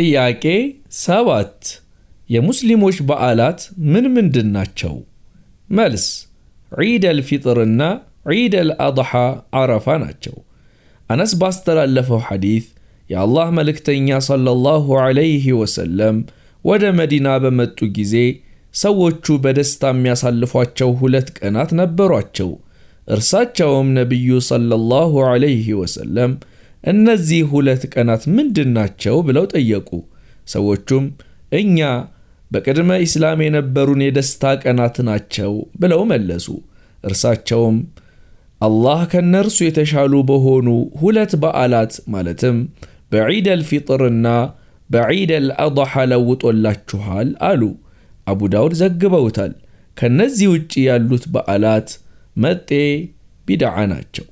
ጥያቄ ሰባት የሙስሊሞች በዓላት ምን ምንድን ናቸው? መልስ ዒደል ፊጥርና ዒደል አድሓ አረፋ ናቸው። አነስ ባስተላለፈው ሐዲት የአላህ መልእክተኛ ሰለላሁ ዐለይሂ ወሰለም ወደ መዲና በመጡ ጊዜ ሰዎቹ በደስታ የሚያሳልፏቸው ሁለት ቀናት ነበሯቸው። እርሳቸውም ነቢዩ ሰለላሁ ዐለይሂ ወሰለም እነዚህ ሁለት ቀናት ምንድን ናቸው ብለው ጠየቁ። ሰዎቹም እኛ በቅድመ ኢስላም የነበሩን የደስታ ቀናት ናቸው ብለው መለሱ። እርሳቸውም አላህ ከነርሱ የተሻሉ በሆኑ ሁለት በዓላት ማለትም በዒደል ፊጥርና በዒድ አድሓ ለውጦላችኋል አሉ። አቡ ዳውድ ዘግበውታል። ከነዚህ ውጭ ያሉት በዓላት መጤ ቢድዓ ናቸው።